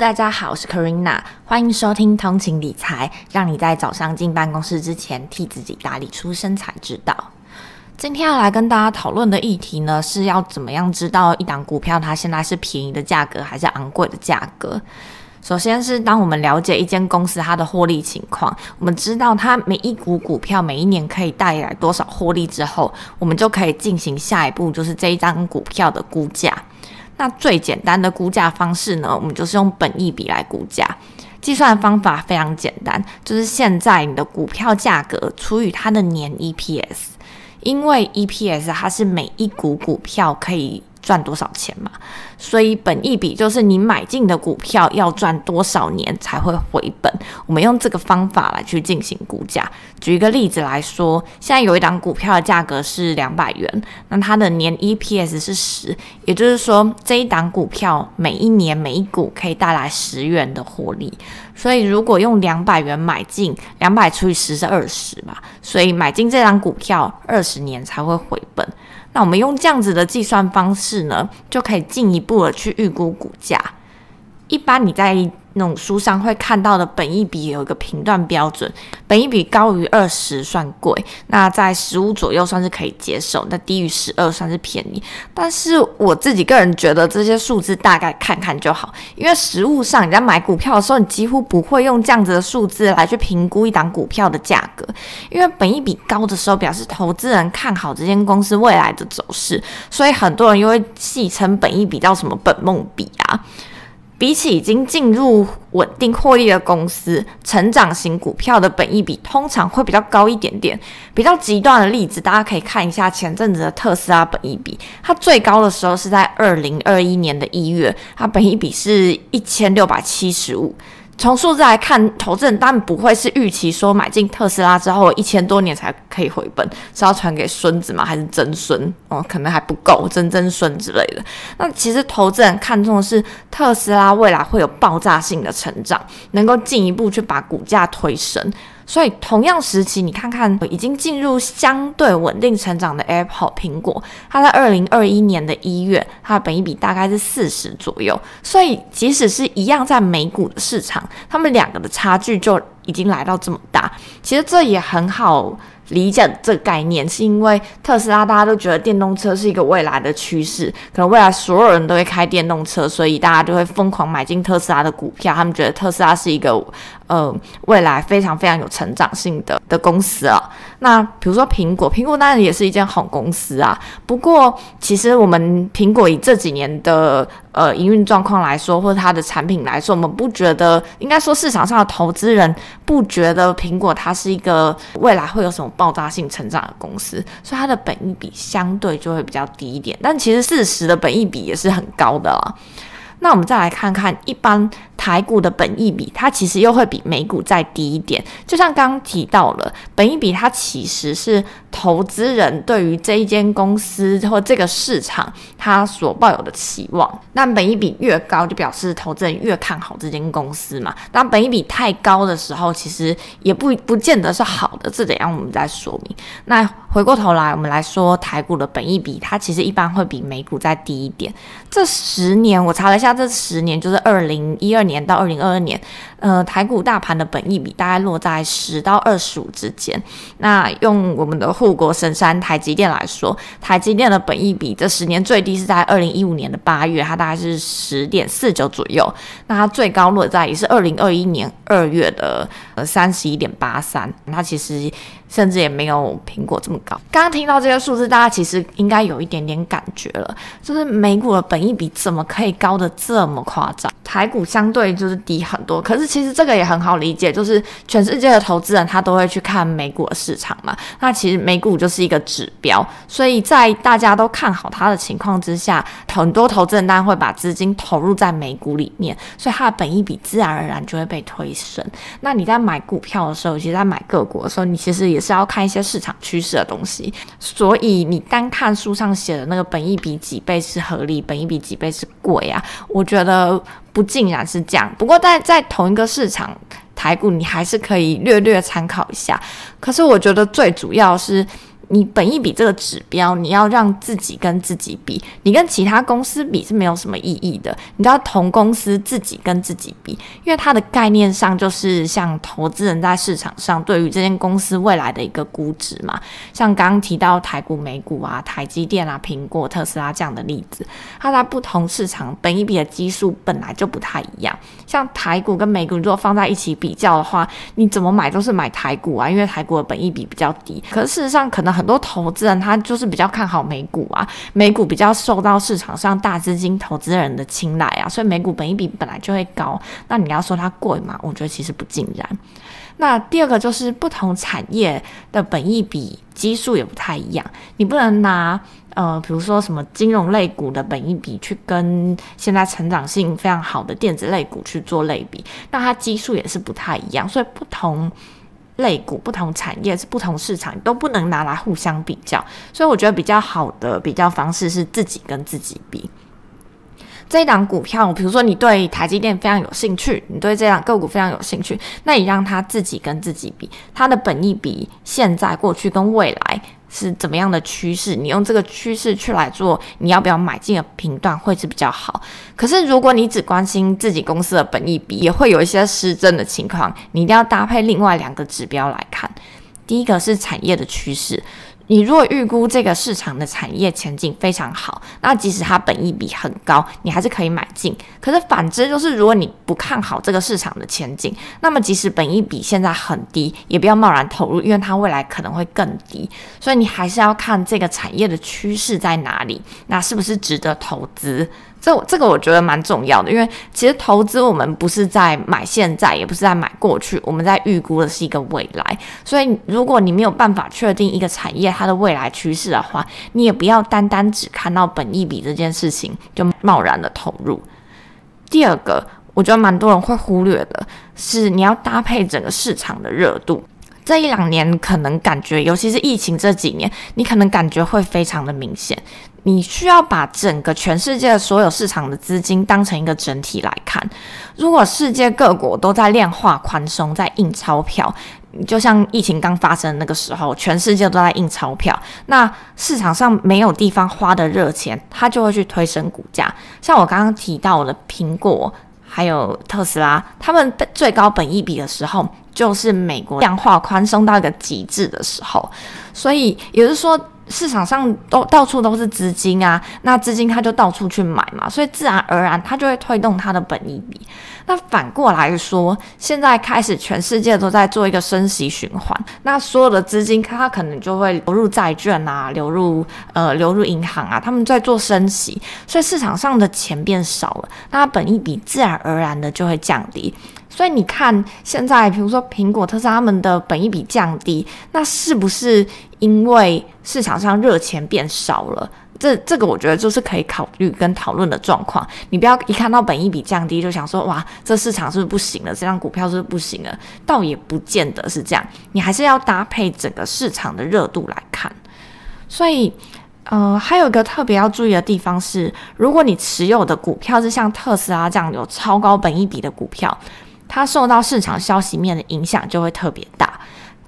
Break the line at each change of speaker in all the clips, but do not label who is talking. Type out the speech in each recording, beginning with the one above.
大家好，我是 Karina。歡迎收聽通勤理財，讓你在早上進辦公室之前替自己打理出生財之道。今天要來跟大家討論的議題呢，是要怎麼樣知道一檔股票它現在是便宜的價格還是昂貴的價格？首先是當我們了解一間公司它的獲利情況，我們知道它每一股股票每一年可以帶來多少獲利之後，我們就可以進行下一步，就是這一張股票的估價。那最簡單的估價方式呢，我們就是用本益比來估價，計算方法非常簡單，就是現在你的股票價格除以它的年 EPS，因為 EPS 它是每一股股票可以賺多少錢嘛。所以本益比就是你買進的股票要賺多少年才會回本，我們用這個方法來去進行估價。舉一個例子來說，現在有一檔股票的價格是兩百元，那它的年 EPS 是十，也就是說這一檔股票每一年每一股可以帶來十元的獲利。所以如果用兩百元買進，兩百除以十是二十嘛，所以買進這檔股票二十年才會回本。那我們用這樣子的計算方式呢，就可以進一步的去預估股價。一般你在，那種書上會看到的本益比有一個評斷標準，本益比高於二十算貴，那在十五左右算是可以接受，那低於十二算是便宜。但是我自己個人覺得這些數字大概看看就好，因為實務上你在買股票的時候，你幾乎不會用這樣子的數字來去評估一檔股票的價格，因為本益比高的時候表示投資人看好這間公司未來的走勢，所以很多人又會戲稱本益比叫什麼本夢比啊。比起已經進入穩定獲利的公司，成長型股票的本益比通常會比較高一點點。比較極端的例子，大家可以看一下前陣子的特斯拉本益比，它最高的時候是在二零二一年的一月，它本益比是一千六百七十五。從數字來看，投資人當然不會是預期說買進特斯拉之後一千多年才可以回本，是要傳給孫子嗎？還是曾孫？哦，可能還不夠，曾曾孫之類的。那其實投資人看重的是特斯拉未來會有爆炸性的成長，能夠進一步去把股價推升。所以，同樣時期，你看看已經進入相對穩定成長的 Apple 蘋果，它在二零二一年的一月，它的本益比大概是四十左右。所以，即使是一樣在美股的市場，他們兩個的差距就已經來到這麼大。其實這也很好理解這個概念，是因為特斯拉，大家都覺得電動車是一個未來的趨勢，可能未來所有人都會開電動車，所以大家就會瘋狂買進特斯拉的股票。他們覺得特斯拉是一個。呃，未來非常非常有成長性的的公司啊。那比如說蘋果，蘋果當然也是一間好公司啊。不過，其實我們蘋果以這幾年的呃營運狀況來說，或者它的產品來說，我們不覺得，應該說市場上的投資人不覺得蘋果它是一個未來會有什麼爆炸性成長的公司，所以它的本益比相對就會比較低一點。但其實四十的本益比也是很高的了啊。那我們再來看看，一般台股的本益比，它其實又會比美股再低一點，就像剛剛提到了，本益比它其實是投資人對於這一間公司或這個市場，它所抱有的期望。那本益比越高，就表示投資人越看好這間公司嘛。那本益比太高的時候，其實也不不見得是好的，這得讓我們再說明。那回過頭來，我們來說台股的本益比，它其實一般會比美股再低一點。這十年我查了一下。它這十年就是二零一二年到二零二二年，呃，台股大盤的本益比，大概落在十到二十五之間。那用我們的護國神山台積電來說，台積電的本益比這十年最低是在二零一五年的八月，它大概是十點四九左右。那它最高落在也是二零二一年二月的呃三十一點八三。那其實。甚至也沒有蘋果這麼高。剛剛聽到這些數字，大家其實應該有一點點感覺了，就是美股的本益比怎麼可以高得這麼誇張？台股相對就是低很多。可是其實這個也很好理解，就是全世界的投資人他都會去看美股的市場嘛。那其實美股就是一個指標，所以在大家都看好它的情況之下，很多投資人當然會把資金投入在美股裡面，所以它的本益比自然而然就會被推升。那你在買股票的時候，其實在買個股的時候，你其實也。是要看一些市場趨勢的東西，所以你單看書上寫的那個本益比幾倍是合理，本益比幾倍是貴啊，我覺得不盡然是這樣。不過在在同一個市場台股，你還是可以略略參考一下。可是我覺得最主要是。你本益比這個指標，你要讓自己跟自己比，你跟其他公司比是沒有什麼意義的。你都要同公司自己跟自己比，因為它的概念上就是像投資人在市場上對於這間公司未來的一個估值嘛。像剛剛提到台股、美股啊，台積電啊、蘋果、特斯拉這樣的例子，它在不同市場本益比的基數本來就不太一樣。像台股跟美股如果放在一起比較的話，你怎麼買都是買台股啊，因為台股的本益比比較低。可是事實上可能很。很多投資人他就是比較看好美股啊，美股比較受到市場上大資金投資人的青睞啊，所以美股本益比本來就會高。那你要說它貴嘛，我覺得其實不盡然。那第二個就是不同產業的本益比基數也不太一樣，你不能拿呃，比如說什麼金融類股的本益比去跟現在成長性非常好的電子類股去做類比，那它基數也是不太一樣，所以不同。類股、不同產業、是不同市場，都不能拿來互相比較，所以我覺得比較好的比較方式是自己跟自己比。這一檔股票，比如說你對台積電非常有興趣，你對這檔個股非常有興趣，那你讓它自己跟自己比，它的本益比現在、過去跟未來是怎麼樣的趨勢？你用這個趨勢去來做，你要不要買進的判斷會是比較好。可是如果你只關心自己公司的本益比，也會有一些失真的情況，你一定要搭配另外兩個指標來看。第一個是產業的趨勢。你如果預估這個市場的產業前景非常好，那即使它本益比很高，你還是可以買進。可是反之，就是如果你不看好這個市場的前景，那麼即使本益比現在很低，也不要貿然投入，因為它未來可能會更低。所以你還是要看這個產業的趨勢在哪裡，那是不是值得投資？這這個我覺得蠻重要的，因為其實投資我們不是在買現在，也不是在買過去，我們在預估的是一個未來。所以如果你沒有辦法確定一個產業它的未來趨勢的話，你也不要單單只看到本益比這件事情就貿然的投入。第二個，我覺得蠻多人會忽略的，是你要搭配整個市場的熱度。這一兩年可能感覺，尤其是疫情這幾年，你可能感覺會非常的明顯。你需要把整個全世界的所有市場的資金當成一個整體來看。如果世界各國都在量化寬鬆，在印鈔票，就像疫情剛發生的那個時候，全世界都在印鈔票，那市場上沒有地方花的熱錢，它就會去推升股價。像我剛剛提到的蘋果，還有特斯拉，他們最高本益比的時候。就是美國量化寬鬆到一個極致的時候，所以也就是說市場上都到處都是資金啊，那資金它就到處去買嘛，所以自然而然它就會推動它的本益比。那反過來說，現在開始全世界都在做一個升息循環，那所有的資金它可能就會流入債券啊，流入呃流入銀行啊，他們在做升息，所以市場上的錢變少了，那本益比自然而然的就會降低。所以你看，現在比如說蘋果、特斯拉他們的本益比降低，那是不是因為市場上熱錢變少了？這這個我覺得就是可以考慮跟討論的狀況。你不要一看到本益比降低就想說哇，這市場是不是不行了？這張股票是不是不行了？倒也不見得是這樣，你還是要搭配整個市場的熱度來看。所以，呃，還有一個特別要注意的地方是，如果你持有的股票是像特斯拉這樣有超高本益比的股票。它受到市場消息面的影響就會特別大。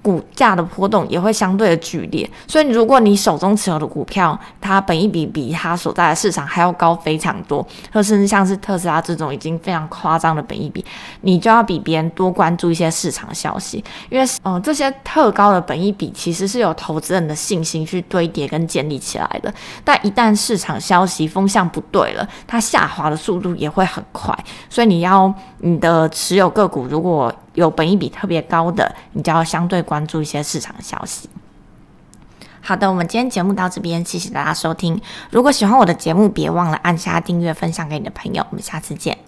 股價的波動也會相對的劇烈，所以如果你手中持有的股票，它本益比比它所在的市場還要高非常多，甚至像是特斯拉這種已經非常誇張的本益比，你就要比別人多關注一些市場消息，因為嗯，呃，這些特高的本益比其實是有投資人的信心去堆疊跟建立起來的，但一旦市場消息風向不對了，它下滑的速度也會很快，所以你要你的持有個股如果。有本益比特別高的，你就要相對關注一些市場消息。好的，我們今天節目到這邊，謝謝大家收聽。如果喜歡我的節目，別忘了按下訂閱，分享給你的朋友。我們下次見。